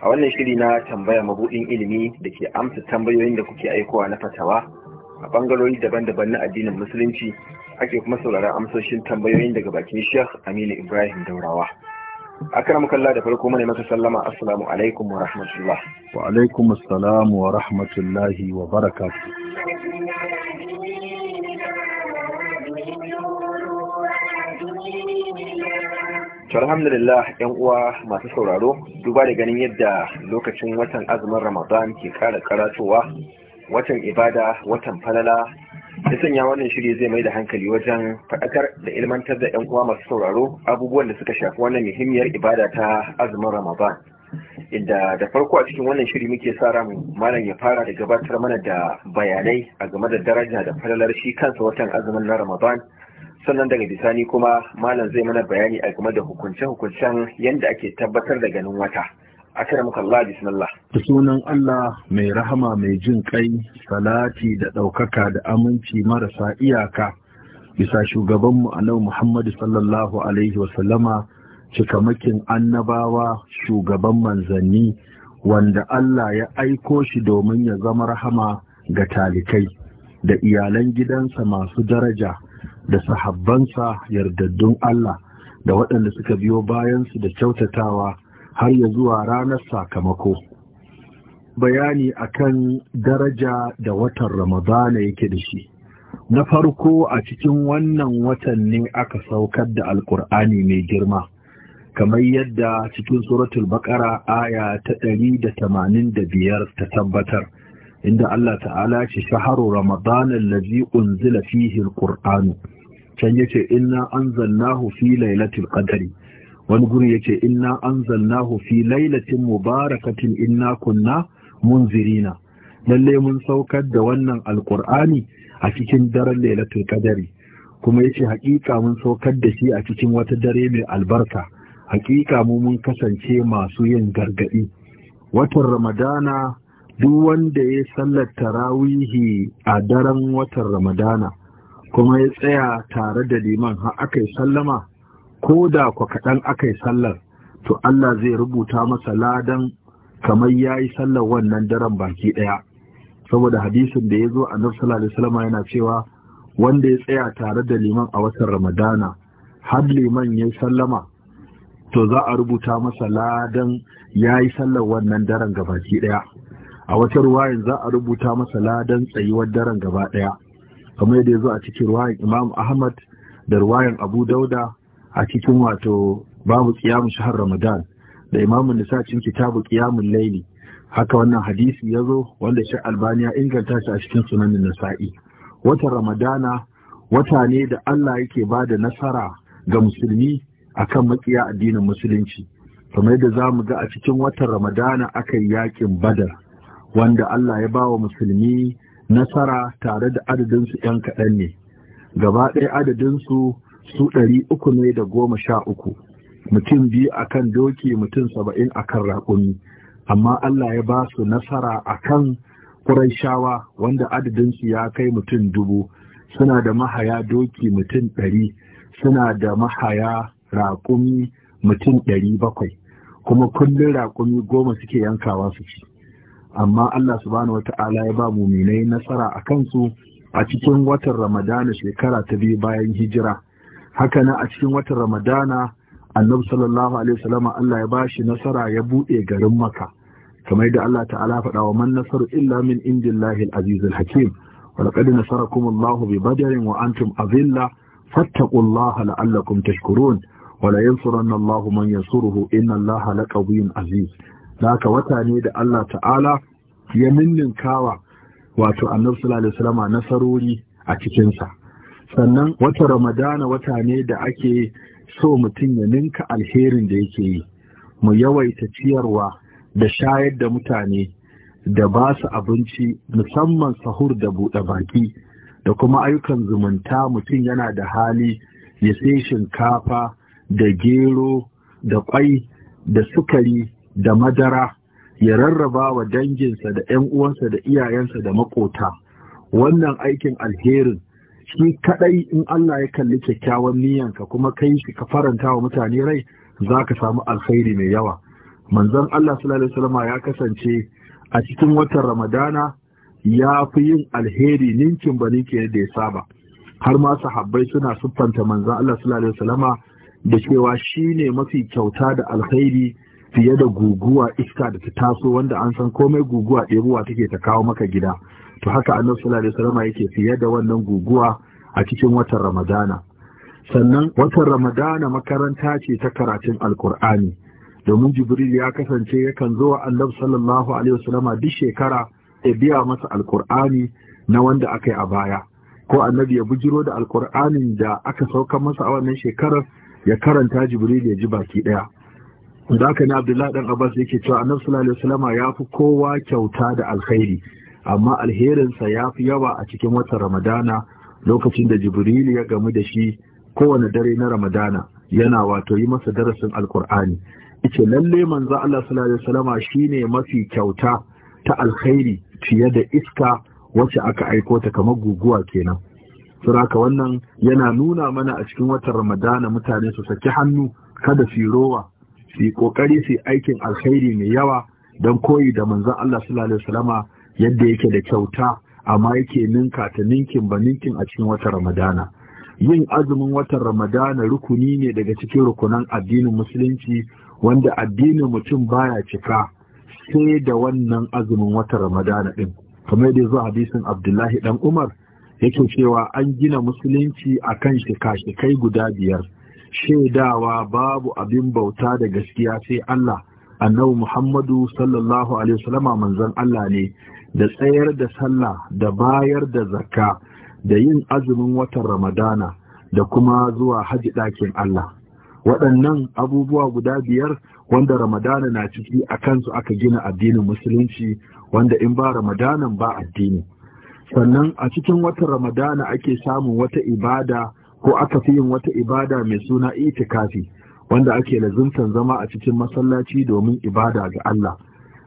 a wannan shiri na tambaya mabudin ilimi da ke amsa tambayoyin da kuke aikowa na fatawa a bangarori daban-daban na addinin musulunci ake kuma sauraron amsoshin tambayoyin daga bakin Sheikh Aminu Ibrahim Daurawa. Akram kalla da farko mana maka sallama assalamu alaikum wa rahmatullah. Wa alaikum assalamu wa rahmatullahi wa barakatuh. alhamdulillah yan uwa masu sauraro duba da ganin yadda lokacin watan azumin ramadan ke kara karatowa watan ibada watan falala ya sanya wannan shiri zai mai da hankali wajen faɗakar da ilmantar da yan uwa masu sauraro abubuwan da suka shafi wannan muhimmiyar ibada ta azumin ramadan inda da farko a cikin wannan shiri muke sa ramu malam ya fara da gabatar mana da bayanai a game da daraja da falalar shi kansa watan azumin na ramadan sannan daga bisani kuma malam zai mana bayani a game da hukunce-hukuncen yadda ake tabbatar da ganin wata muka Allah bismillah da sunan Allah mai rahama mai jin kai salati da ɗaukaka da aminci marasa iyaka bisa shugabanmu a annabi Muhammadu sallallahu alaihi wasallama cikamakin annabawa shugaban manzanni wanda Allah ya aiko shi domin ya zama rahama ga talikai da iyalan gidansa masu daraja da sahabbansa yardaddun Allah da waɗanda suka biyo bayansu da kyautatawa har ya zuwa ranar sakamako. Bayani a kan daraja da watan Ramadana yake da shi. Na farko a cikin wannan watan ne aka saukar da Alƙur'ani mai girma, kamar yadda cikin suratul baƙara aya ta ɗari da tamanin da biyar ta tabbatar. inda Allah ta'ala ce shaharu ramadan allazi unzila fihin alquran can yace inna anzalnahu fi lailatul Ƙadari? wani guri yace inna anzalnahu fi lailatin mubarakatin inna kunna munzirina lalle mun saukar da wannan alƙur'ani a cikin daren lailatul Ƙadari. kuma yace haƙiƙa mun saukar da shi a cikin wata dare mai albarka Haƙiƙa mu mun kasance masu yin gargadi watan ramadana duk wanda ya sallar tarawihi a daren watan ramadana kuma ya tsaya tare da liman har aka yi sallama ko da kwa kaɗan aka yi sallar to Allah zai rubuta masa ladan kamar ya yi sallar wannan daren baki ɗaya saboda hadisin da ya zo a sallallahu salama yana cewa wanda ya tsaya tare da liman a watan ramadana har liman ya yi sallama to za a rubuta masa ladan ya yi sallar wannan daren ga baki ɗaya a wata ruwayin za a rubuta masa ladan tsayuwar daren gaba ɗaya kamar yadda ya zo a cikin ruwayin imam ahmad da ruwayin abu dauda a cikin wato babu kiyamun shahar ramadan da imamun nisa cikin kitabu kiyamun laili haka wannan hadisi ya zo wanda shi albani ya inganta shi a cikin sunanin nasa'i Wata ramadana wata ne da allah yake ba da nasara ga musulmi akan makiya addinin musulunci kamar yadda za mu ga a cikin watan ramadana aka yi yakin badar wanda Allah ya ba wa musulmi nasara tare da adadinsu 'yan kaɗan ne gaba ɗaya adadinsu su ɗari uku ne da goma sha uku mutum biyu a kan doki mutum saba'in a kan raƙumi amma Allah ya ba su nasara akan shawa wanda adadinsu ya kai mutum dubu suna da mahaya doki mutum ɗari suna da mahaya raƙumi mutum ɗari bakwai kuma kullum raƙumi goma suke yankawa su ci amma Allah subhanahu wata'ala ya ba muminai nasara a kansu a cikin watan Ramadana shekara ta biyu bayan hijira haka nan a cikin watan Ramadana annabi sallallahu alaihi wasallam Allah ya bashi nasara ya bude garin Makka kamar da Allah ta'ala faɗa wa man nasaru illa min indillahi al-aziz al-hakim wa laqad nasarakum Allahu bi badrin wa antum azilla fattaqullaha la'allakum tashkurun wa la yansuranna Allahu man yansuruhu inna Allaha laqawiyyun aziz da haka wata ne da Allah ta'ala ya ninninkawa wato annabi sallallahu alaihi wasallam nasarori a cikinsa sannan wata ramadana wata ne da ake so mutum ya ninka alherin da yake yi mu yawaita ciyarwa da shayar da mutane da ba su abinci musamman sahur da buɗe baki da kuma ayyukan zumunta mutum yana da hali ya sai shinkafa da gero da kwai da sukari da madara ya rarraba wa danginsa da 'yan uwansa da iyayensa da makota wannan aikin alherin shi kaɗai in Allah ya kalli kyakkyawan niyanka kuma kai shi ka faranta wa mutane rai za ka samu alkhairi mai yawa manzon Allah sallallahu ya kasance a cikin watan Ramadana ya fi yin alheri ninkin ba ninkin da ya saba har ma sahabbai suna siffanta manzon Allah sallallahu da cewa shine mafi kyauta da alkhairi fiye da guguwa iska da ta taso wanda an san komai guguwa ɗebuwa take ta kawo maka gida to haka annabi sallallahu alaihi wasallam yake fiye da wannan guguwa a cikin watan ramadana sannan watan ramadana makaranta ce ta karatun alkur'ani domin jibril ya kasance yakan zo wa annabi sallallahu alaihi wasallam duk shekara ya biya masa alkur'ani na wanda aka yi a baya ko annabi ya bujiro da alkur'anin da aka sauka masa a wannan shekarar ya karanta jibril ya ji baki ɗaya da aka ne abdullahi dan abbas yake cewa annabi sallallahu alaihi wasallam ya fi kowa kyauta da alkhairi amma alherinsa ya fi yawa a cikin watan ramadana lokacin da jibril ya gamu da shi kowane dare na ramadana yana wato yi masa darasin alkur'ani ice lalle manzo Allah sallallahu alaihi wasallam shine mafi kyauta ta alkhairi fiye da iska wacce aka aiko ta kamar guguwa kenan saboda wannan yana nuna mana a cikin watan ramadana mutane su saki hannu kada su rowa su yi kokari su aikin alkhairi mai yawa don koyi da manzon Allah sallallahu alaihi wasallama yadda yake da kyauta amma yake ninka ta ninkin ba ninkin a cikin watan Ramadana yin azumin watan Ramadana rukuni ne daga cikin rukunan addinin musulunci wanda addinin mutum baya cika sai da wannan azumin watan Ramadana din kamar yadda zuwa hadisin Abdullahi dan Umar yake cewa an gina musulunci a akan shika-shikai guda biyar shaidawa babu abin bauta da gaskiya sai Allah annabi Muhammadu sallallahu alaihi wasallama manzon Allah ne da tsayar da sallah da bayar da zakka da yin azumin watan Ramadana da kuma zuwa haji ɗakin Allah waɗannan abubuwa guda biyar wanda Ramadana na ciki a kansu aka gina addinin musulunci wanda in ba Ramadanan ba addini sannan a cikin watan Ramadana ake samun wata ibada ko aka fi yin wata ibada mai suna itikafi wanda ake lazimtan zama a cikin masallaci domin ibada ga Allah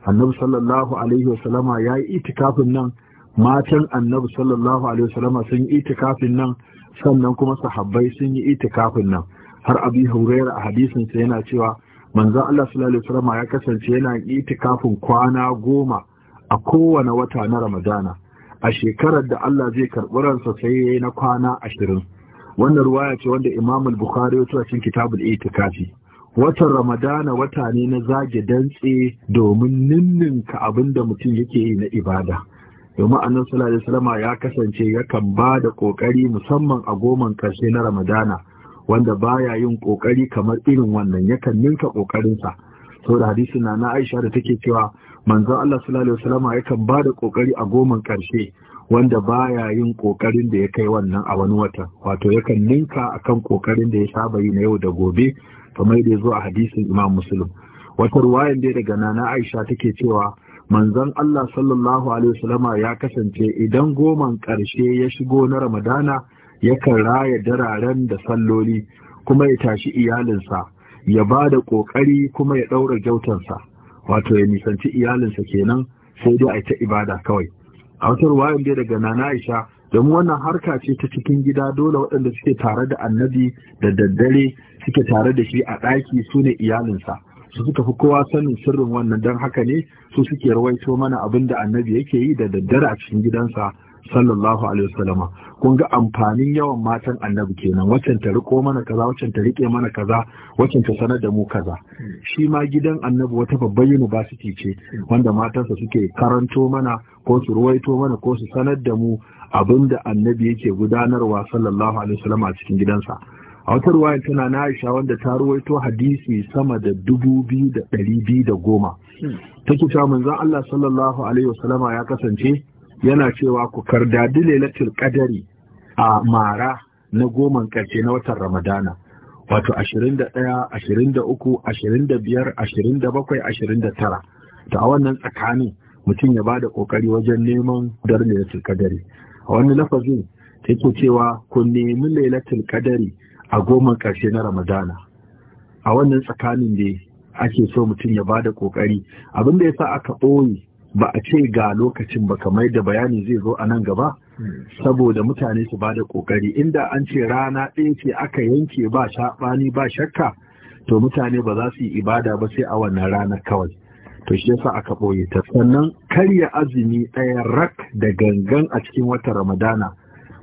annabi sallallahu alaihi wasallama ya yi itikafin nan matan annabi sallallahu alaihi wasallama sun yi itikafin nan sannan kuma sahabbai sun yi itikafin nan har abi huraira a hadisin sa yana cewa manzo Allah sallallahu alaihi wasallama ya kasance yana itikafin kwana goma a kowane wata na Ramadana a shekarar da Allah zai karɓi ransa sai yayi na kwana ashirin wannan ruwaya ce wanda Imam al-Bukhari ya tura cikin Kitabul Itikafi watan Ramadana wata ne na zage dantse domin ninninka abin da mutum yake yi na ibada domin annabi sallallahu alaihi wasallam ya kasance yakan ba da kokari musamman a goman karshe na Ramadana wanda baya yin kokari kamar irin wannan yakan ninka kokarinsa da hadisi na na Aisha da take cewa manzon Allah sallallahu alaihi wasallam yakan ba da kokari a goman karshe wanda baya yin kokarin da ya kai wannan a wani wata wato yakan ninka a kan kokarin da ya saba yi na yau da gobe kamar da zo a hadisin Imam Muslim wata ruwayan da daga Nana Aisha take cewa manzon Allah sallallahu alaihi wasallama ya kasance idan goman ƙarshe ya shigo na Ramadana yakan raya dararen da salloli kuma ya tashi iyalinsa ya ba da ƙoƙari kuma ya ɗaura gyautansa wato ya nisanci iyalinsa kenan sai dai a ta ibada kawai a wata ruwayan dai daga nana aisha domin wannan harka ce ta cikin gida dole waɗanda suke tare da annabi da daddare suke tare da shi a ɗaki su ne iyalinsa su suka fi kowa sanin sirrin wannan don haka ne su suke rawaito mana abin da annabi yake yi da daddare a cikin gidansa sallallahu alaihi wasallam kun ga amfanin yawan matan annabi kenan waccan ta riko mana kaza waccan ta rike mana kaza waccan ta sanar da mu kaza shi ma gidan annabi wata babbar university ce wanda matansa suke karanto mana ko su ruwaito mana ko su sanar da mu abinda annabi yake gudanarwa sallallahu alaihi wasallam a cikin gidansa a wata ruwayar tana na aisha wanda ta ruwaito hadisi sama da dubu biyu da ɗari biyu da goma hmm. take cewa manzon Allah sallallahu alaihi wasallama ya kasance yana cewa ku kardadi lailatul qadari a mara na goman ƙarshe na watan ramadana wato 21 23 25 27 tara. to a wannan tsakanin mutum ya bada da ƙoƙari wajen neman dar lailatul qadari a wani lafazin yake cewa ku nemi lailatul qadari a goman karshe na ramadana a wannan tsakanin da ake so mutum ya bada da abin da ya sa aka ɓoye ba a ce ga lokacin ba kamar da bayani zai zo a nan gaba saboda mutane su ba da kokari inda an ce rana ɗaya ce aka yanke ba saɓani ba shakka to mutane ba za su yi ibada ba sai a wannan rana kawai to shi yasa aka ɓoye ta sannan karya azumi ɗaya rak da gangan a cikin wata ramadana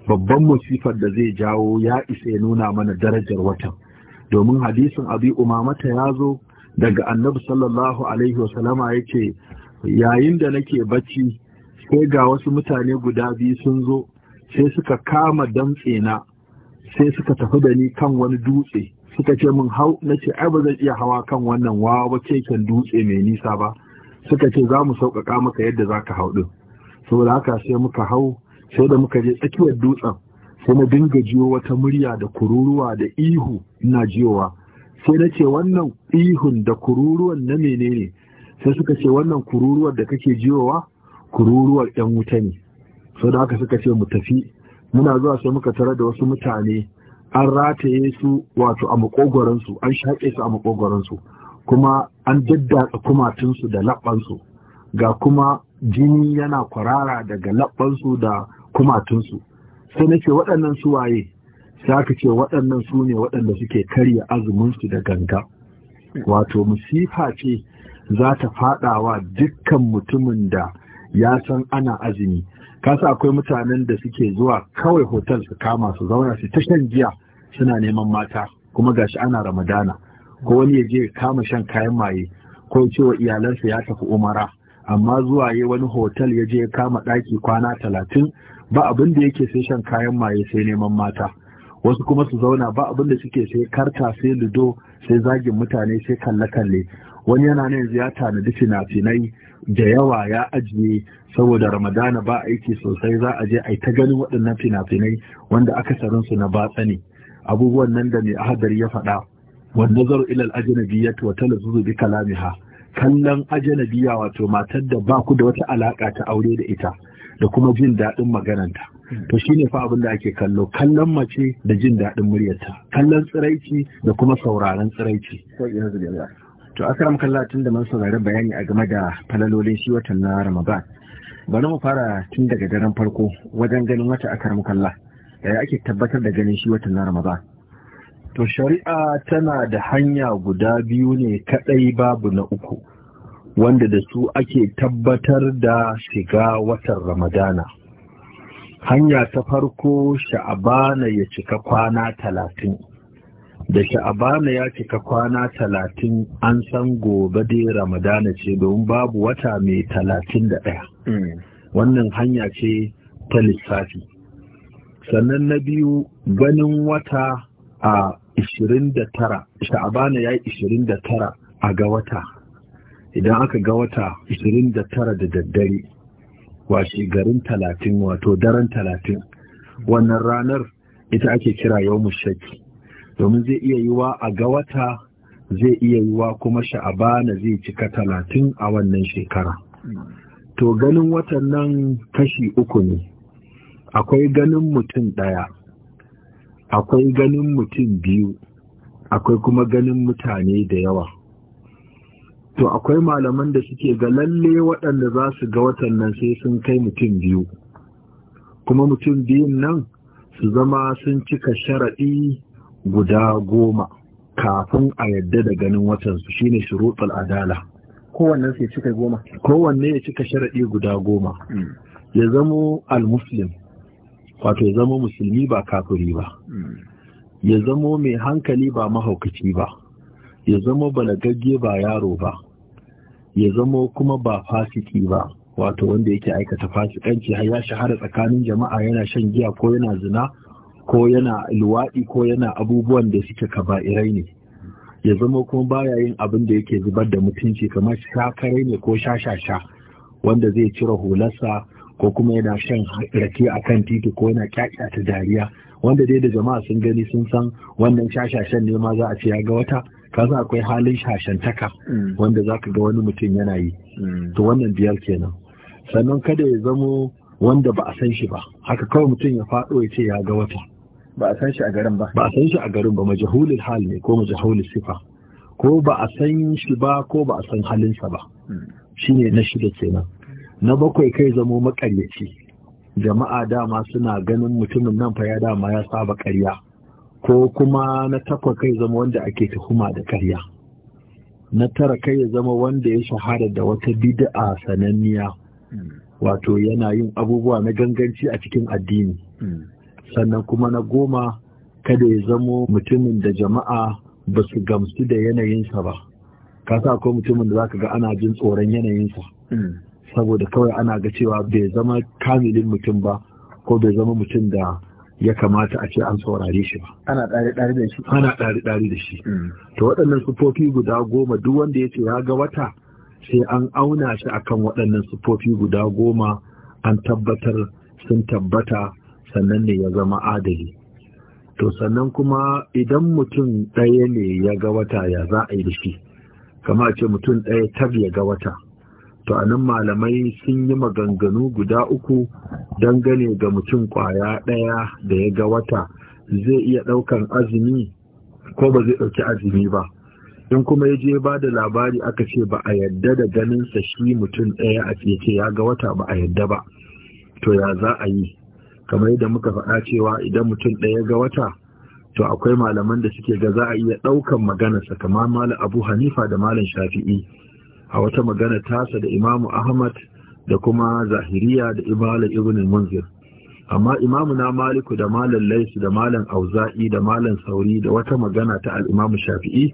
babban musifar da zai jawo ya isa ya nuna mana darajar watan domin hadisin abi umamata ya zo daga annabi sallallahu alaihi wasallama yake yayin da nake bacci sai ga wasu mutane guda biyu sun zo sai suka kama damtse na sai suka tafi da ni kan wani dutse suka ce min hau na ce ai ba zan iya hawa kan wannan wawa keken dutse mai nisa ba suka ce za mu sauƙaƙa maka yadda za ka hau ɗin saboda haka sai muka hau sai da muka je tsakiyar dutsen sai na dinga jiyo wata murya da kururuwa da ihu ina jiyowa sai na ce wannan ihun da kururuwan na menene sai suka ce wannan kururuwar da kake jiyowa kururuwar yan wuta ne sau da haka suka ce mu tafi muna zuwa sai muka tare da wasu mutane an rataye su wato a makogoransu an shaƙe su a makogoransu kuma an daddatsa kumatunsu da laɓansu ga kuma jini yana kwarara daga laɓansu da kumatunsu sai na ce waɗannan su waye sai aka ce waɗannan su ne waɗanda suke karya azuminsu da ganga wato musifa ce za ta wa dukkan mutumin da ya san ana azumi kasa akwai mutanen da suke zuwa kawai hotel su kama su zauna su ta shan giya suna neman mata kuma gashi ana ramadana ko wani ya je kama shan kayan maye ko cewa iyalansa ya tafi umara amma zuwa yi wani hotel ya je ya kama ɗaki kwana talatin ba abin da yake sai shan kayan maye sai neman mata wasu kuma su zauna ba abin da suke sai karta sai ludo sai zagin mutane sai kalle-kalle wani yana nan yanzu ya tanadi fina-finai da yawa ya ajiye saboda ramadana ba aiki sosai za a je a ta ganin waɗannan finafinai, finai wanda sarin su na batsa ne abubuwan nan da mai ahadari ya faɗa wanda zaru ilal ajnabiyyati wa talazzuzu bi kalamiha kallon ajanabiya wato matar da ba ku da wata alaka ta aure da ita da kuma jin daɗin magananta hmm. to shine fa abin da ake kallo kallon mace da jin daɗin muryarta kallon tsiraici da kuma sauraron tsiraici to akram kalla tun da mun saurari bayani a game da falalolin shi watan na ramadan bari mu fara tun daga daren farko wajen ganin wata akram kallah yaya ake tabbatar da ganin shi watan na ramadan to shari'a tana da hanya guda biyu ne kadai babu na uku wanda da su ake tabbatar da shiga watan ramadana hanya ta farko sha'abana ya cika kwana talatin da sha'abana ya cika kwana talatin an san gobe dai ramadana ce domin babu wata mai talatin da ɗaya hmm. wannan hanya ce ta lissafi sannan na biyu ganin wata a 29 sha'abana ya yi 29 a ga wata idan aka ga wata 29 da daddare washe garin talatin wato daren talatin, wannan ranar ita ake kira yau shaki. domin zai iya yiwa a ga wata zai iya yiwa kuma sha'aba sha'abana zai cika talatin a wannan shekara to ganin watan nan kashi uku ne akwai ganin mutum ɗaya akwai ganin mutum biyu akwai kuma ganin mutane da yawa to akwai malaman da suke ga lalle waɗanda za su ga watan nan sai sun kai mutum biyu kuma mutum biyun nan su zama sun cika sharaɗi guda goma kafin a yadda da ganin watansu shine shuruɗul adala kowanne ya cika goma kowanne ya cika sharaɗi guda goma hmm. ya zamo al-muslim wato ya zamo musulmi ba kafiri ba hmm. ya zamo mai hankali ba mahaukaci ba ya zamo balagagge ba yaro ba ya zamo kuma ba fasiki ba wato wanda yake aikata fasikanci har ya shahara tsakanin jama'a yana shan giya ko yana zina ko yana luwaɗi ko yana abubuwan da suke kaba'irai ne ya zama kuma baya yin abin da yake zubar da mutunci kamar shakarai ne ko shashasha wanda zai cire hularsa ko kuma yana shan rake a kan titi ko yana kyakya ta dariya wanda dai da jama'a sun gani sun san wannan shashashan ne ma za a ce ya ga wata kaza akwai halin shashantaka mm. wanda za ka ga wani mutum yana yi mm. to wannan biyar kenan sannan kada ya zamo wanda ba a san shi ba haka kawai mutum ya faɗo ya ce ya ga wata ba a san shi a garin ba ba a san shi a garin ba majahulul hal ne ko majahulul sifa ko ba a san shi ba ko ba a san halinsa ba hmm. shine na shida kenan na bakwai kai zamo makaryaci jama'a dama suna ganin mutumin nan fa ya dama ya saba karya ko kuma na takwa kai zama wanda ake tuhuma da karya na tara kai ya zama wanda ya shahara da wata bid'a sananniya hmm. wato yana yin abubuwa na ganganci a cikin addini hmm. sannan kuma na goma kada ya zamo mutumin da jama'a ba su gamsu da yanayinsa ba ka sa akwai mutumin da za ka ga ana jin tsoron yanayinsa mm. saboda kawai ana ga cewa bai zama kamilin mutum ba ko bai zama mutum da ya kamata a ce an saurare shi ba ana ɗari-ɗari da shi ana ɗari-ɗari da shi mm. to waɗannan sufofi guda goma duk wanda ya ce ya ga wata sai an auna shi akan waɗannan sufofi guda goma an tabbatar sun tabbata sannan ne ya zama adali to sannan kuma idan mutum ɗaya ne ya ga wata ya za a yi da shi kama ce mutum ɗaya tar ya ga wata to a nan malamai sun yi maganganu guda uku dangane ga mutum ƙwaya ɗaya da ya ga wata zai iya ɗaukan azumi ko ba zai ɗauki azumi ba in kuma ya je ba da labari aka ce ba a yadda da ganin sa shi mutum ɗaya a ce ya ga wata ba a yadda ba to ya za a yi kamar da muka faɗa cewa idan mutum ɗaya ga wata to akwai malaman da suke ga za a iya ɗaukan maganarsa kamar malam abu hanifa da malam shafi'i a wata magana tasa da imamu ahmad da kuma zahiriya da ibala ibn munzir amma imamu na maliku da malam laisu da malam auza'i da malam sauri da wata magana ta al'imamu shafi'i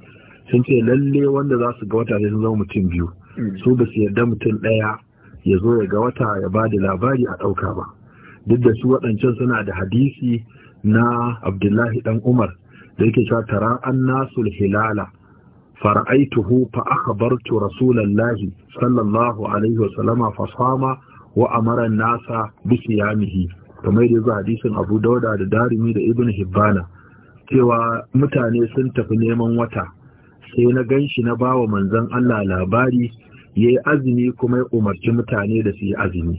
sun ce lalle wanda za su ga wata sun zama mutum biyu mm. su ba su yarda mutum ɗaya ya zo ya ga wata ya ba da labari a ɗauka ba duk da su waɗancan suna da hadisi na abdullahi ɗan umar da yake cewa tara an nasul hilala fara'aituhu fa akhbartu rasulallahi sallallahu alaihi wa sallama fa sama wa amara nasa bi siyamihi kamar da hadisin Abu Dauda da Darimi da Ibn Hibbana cewa mutane sun tafi neman wata sai na gan shi na bawa manzon Allah labari yayi azumi kuma ya umarci mutane da su yi azumi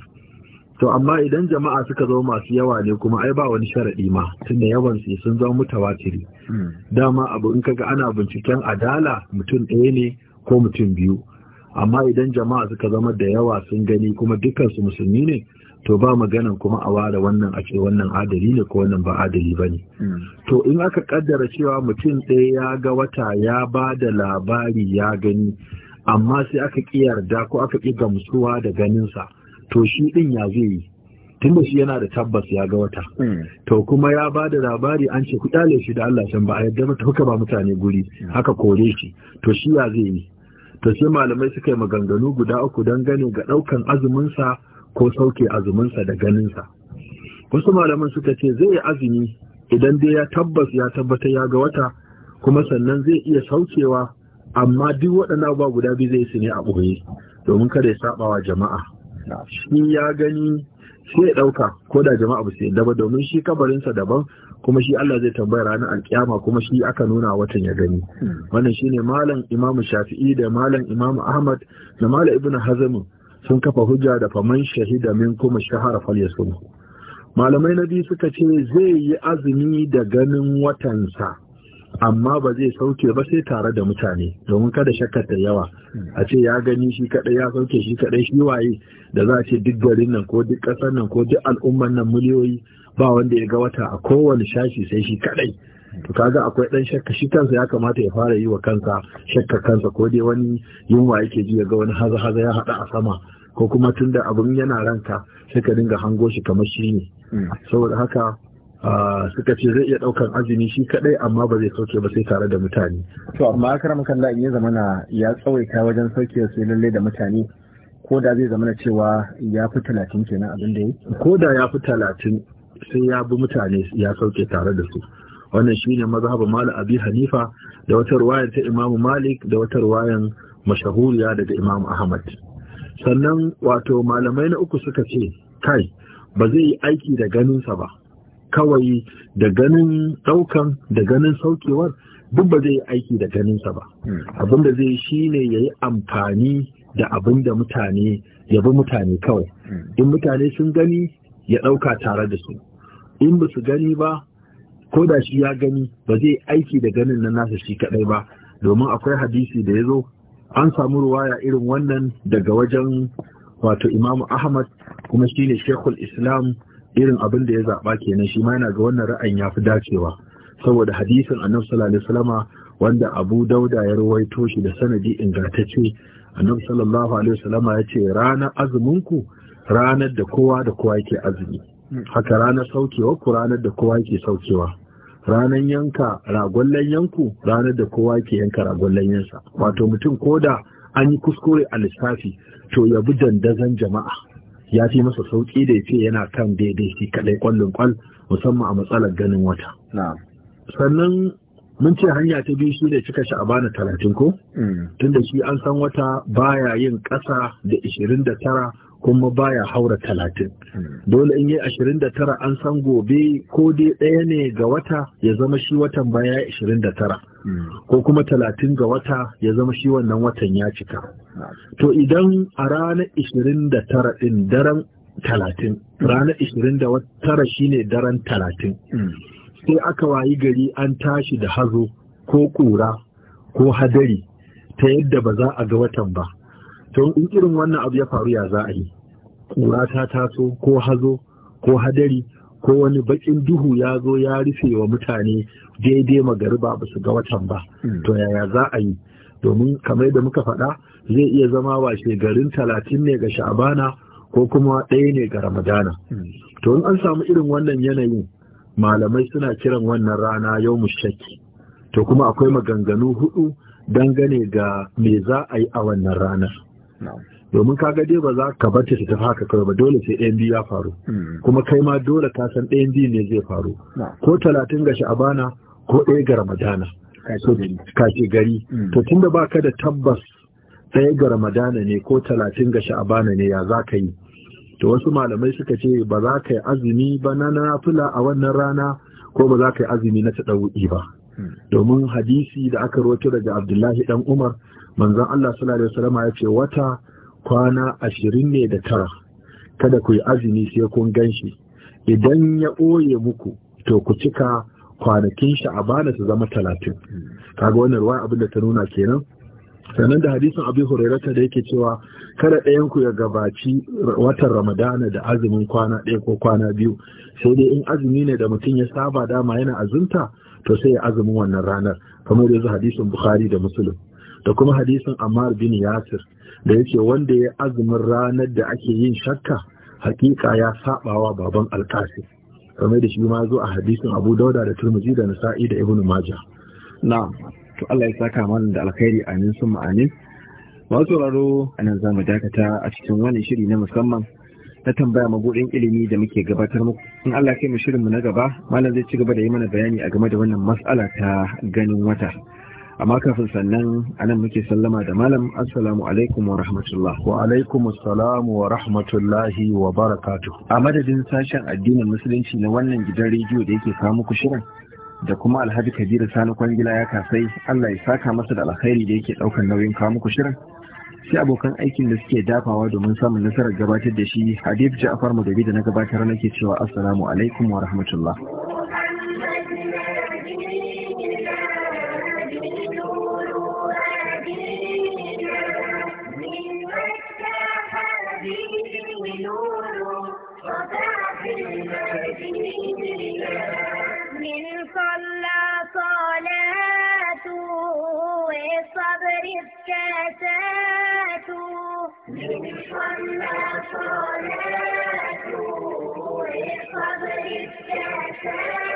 to amma idan jama'a suka zama masu yawa ne kuma ai ba wani sharaɗi ma tunda yawan su sun zama mutawatiri hmm. dama abu in kaga ana binciken adala mutum ɗaya ne ko mutum biyu amma idan jama'a suka zama da yawa sun gani kuma dukkan musulmi ne to ba maganan kuma a ware wannan a ce wannan adali ne ko wannan ba adali ba ne. Hmm. To in aka kaddara cewa mutum ɗaya ya ga wata ya ba da labari ya gani amma sai aka ƙi yarda ko aka ƙi gamsuwa da ganinsa to shi din ya zai yi tunda shi yana da tabbas ya ga wata hmm. to kuma ya ba da labari an ce ku dale shi da Allah can ba a yadda mata huka ba mutane guri hmm. haka kore shi to shi ya zai yi to sai malamai suka yi maganganu guda uku don gane ga daukan azuminsa ko sauke azuminsa da ganinsa wasu malaman suka ce zai yi azumi idan dai ya tabbas ya tabbata ya ga wata kuma sannan zai iya saukewa amma duk waɗannan ba guda biyu zai su ne a ɓoye domin kada ya wa jama'a shi ya gani sai ya ɗauka ko da jama'a ba sai daba domin shi kabarinsa daban kuma shi Allah zai tambaya ranar alkiyama kuma shi aka nuna watan ya gani wannan shine malam imamu shafi'i da malam imamu ahmad da malam ibn hazm sun kafa hujja da faman shahida min kuma shahara fal yasum malamai na biyu suka ce zai yi azumi da ganin watansa amma ba zai sauke ba sai tare da mutane domin kada shakkar ta yawa a ce ya gani shi kadai ya sauke shi kadai shi waye da za a ce duk garin nan ko duk ƙasar nan ko duk al'umman nan miliyoyi ba wanda ya ga wata a kowane shashi sai shi kadai to kaga akwai dan shakka shi kansa ya kamata ya fara yi wa kansa shakka kansa ko dai wani yunwa yake ji ya ga wani haza haza ya hada a sama ko kuma tunda abun yana ranka sai ka dinga hango shi kamar shi ne hmm. saboda haka suka ce zai iya daukan azumi shi kadai amma ba zai sauke ba sai tare da mutane to amma karam kalla in ya zama na ya tsawaita wajen sauke su lalle da mutane ko da zai zama cewa ya fi talatin kenan abin da yi ko da ya fi talatin sai ya bi mutane ya sauke tare da su wannan shi maza mazhabin Malik Abi Hanifa da wata ruwayan ta Imam Malik da wata ruwayan mashahuriya daga Imam Ahmad sannan wato malamai na uku suka ce kai ba zai yi aiki da ganinsa ba kawai da ganin ɗaukan da ganin saukewar duk ba zai aiki da ganinsa ba hmm. Abinda da zai shi ne ya yi amfani da abin da mutane ya bi mutane kawai hmm. in mutane sun gani ya ɗauka tare da su in ba su gani ba ko da shi ya gani ba zai aiki da ganin na nasa shi kaɗai ba domin akwai hadisi da ya zo an samu ruwaya irin wannan daga wajen wato imamu ahmad kuma shi ne shekul islam irin abin da ya zaɓa kenan shi ma yana ga wannan ra'ayin ya fi dacewa saboda hadisin annabi sallallahu alaihi wanda abu dauda ya rawaito shi da sanadi ingantacce annabi sallallahu alaihi wasallama ya ce ranar azuminku ranar da kowa da kowa yake azumi haka ranar saukewa ku ranar da kowa yake saukewa ranar yanka ragon yanku ranar da kowa yake yanka ragwallon yansa wato mutum ko da an yi kuskure a lissafi to ya bi dandazon jama'a ya fi masa sauƙi da ya ce yana kan daidai shi kaɗai ƙwallon ƙwal, musamman a matsalar ganin wata sannan mun ce hanya ta biyu shi da cika sha'abana talatin ko mm. tunda shi an san wata baya yin ƙasa da ishirin da tara kuma baya haura talatin mm. dole in yi ashirin da tara an san gobe ko dai ɗaya ne ga wata ya zama shi watan baya ishirin da tara ko kuma talatin ga wata ya zama shi wannan watan ya cika to idan a ranar ishirin da tara ɗin daren talatin ranar ishirin da tara shi ne daren talatin sai aka wayi gari an tashi da hazo ko ƙura ko hadari ta yadda ba za a ga watan ba to in irin wannan abu ya faru ya za a yi ƙura ta taso ko hazo ko hadari ko wani bakin duhu ya zo ya rufe wa mutane daidai magariba ba su ga watan ba hmm. to yaya za a yi domin kamar da muka faɗa zai iya zama washe garin talatin ne ga sha'abana ko kuma ɗaya ne ga ramadana hmm. to in an samu irin wannan yanayin malamai suna kiran wannan rana yau mushaki to kuma akwai maganganu hudu dangane ga me za a yi a wannan ranar domin ka ga dai ba za ka bace ta tafi haka kawai ba dole sai ɗayan biyu ya faru hmm. kuma kai ma dole ka san ɗayan biyu ne zai faru ko talatin ga sha'abana ko ɗaya ga ramadana kashe gari hmm. to tunda ka da tabbas ɗaya ga ramadana ne ko talatin ga sha'abana ne ya za ka yi to wasu malamai suka ce ba za ka yi azumi ba na nafila a wannan rana ko ba za ka yi azumi na taɗawu'i ba hmm. domin hadisi da aka rawaito daga abdullahi dan umar manzon allah sallallahu alaihi wasallam ya ce wata kwana ashirin ne da tara kada ku yi azumi sai kun gan shi idan ya ɓoye muku to ku cika kwanakin shi a bana su zama talatin kaga wannan ruwa abin da ta nuna kenan sannan da hadisin abin hurairata da yake cewa kada ɗayan ku ya gabaci watan ramadana da azumin kwana ɗaya ko kwana biyu sai dai in azumi ne da mutum ya saba dama yana azumta to sai ya azumin wannan ranar kamar yanzu hadisin bukhari da muslim da kuma hadisin ammar bin yasir da yake wanda ya azumin ranar da ake yin shakka hakika ya sabawa baban alkasi kamar da shi ma zo a hadisin abu dauda da turmuji da nasa'i da ibnu maja Na: to Allah ya saka mana da alkhairi amin sun ma'anin masu sauraro a nan za mu dakata a cikin wani shiri na musamman na tambaya mabuɗin ilimi da muke gabatar muku in Allah ya kai mu shirin mu na gaba malam zai ci gaba da yi mana bayani a game da wannan mas'ala ta ganin wata amma kafin sannan anan muke sallama da malam assalamu alaikum wa rahmatullah wa alaikum assalamu wa rahmatullahi wa barakatuh a madadin sashen addinin musulunci na wannan gidan rediyo da yake kawo muku shirin da kuma alhaji kabiru sani kwangila ya kasai allah ya saka masa da alkhairi da yake daukan nauyin kawo muku shirin sai abokan aikin da suke dafawa domin samun nasarar gabatar da shi hadif ja'far mu da na gabatar nake cewa assalamu alaikum wa rahmatullah Yeah.